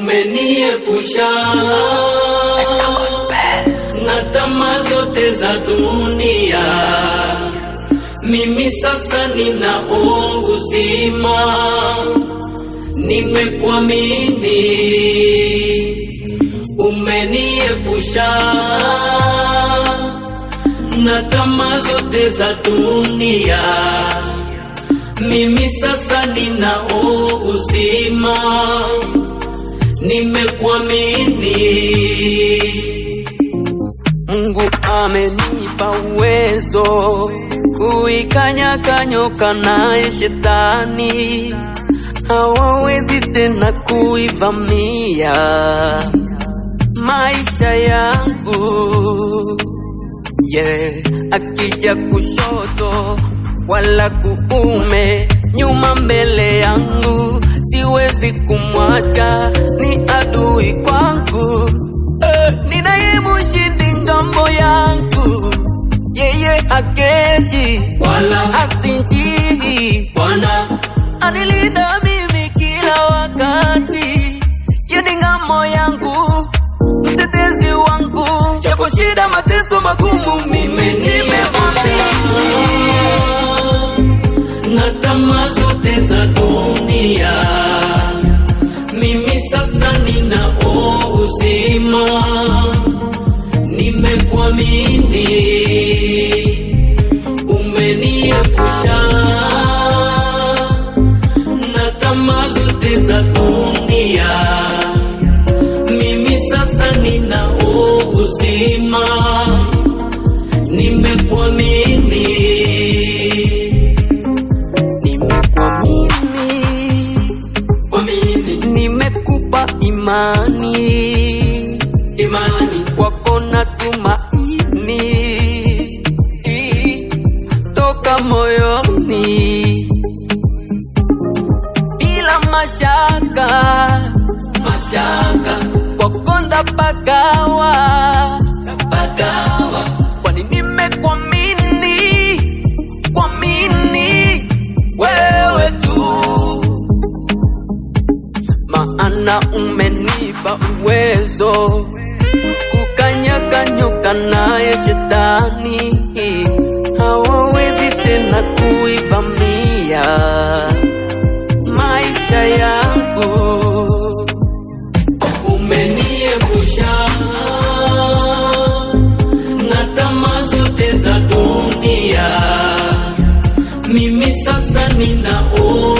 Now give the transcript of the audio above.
umeniepusha na tamaa zote za dunia. Mimi sasa nina uzima, nimekuamini, umeniepusha na tamaa zote za dunia. Mimi sasa nina uzima nimekuamini. Mungu amenipa uwezo kuikanyaka nyoka naye shetani hawawezi tena kuivamia maisha yangu yeah. Akija kushoto wala kuume, nyuma mbele yangu, siwezi kumwacha. akeshi wala asinjii anilinda mimi kila wakati, yeni ngamo yangu, mtetezi wangu, japo shida, mateso magumu, mimi nimemwamini na tamaa zote za dunia imani, imani kwako na tumaini toka moyoni bila mashaka, mashaka kwako ndapagawa, kwani nimekuwa na umenipa uwezo kukanyakanyuka naye shetani, hawawezi tena kuivamia maisha yangu. Umeniepusha na tamaa zote za dunia, mimi sasa ninao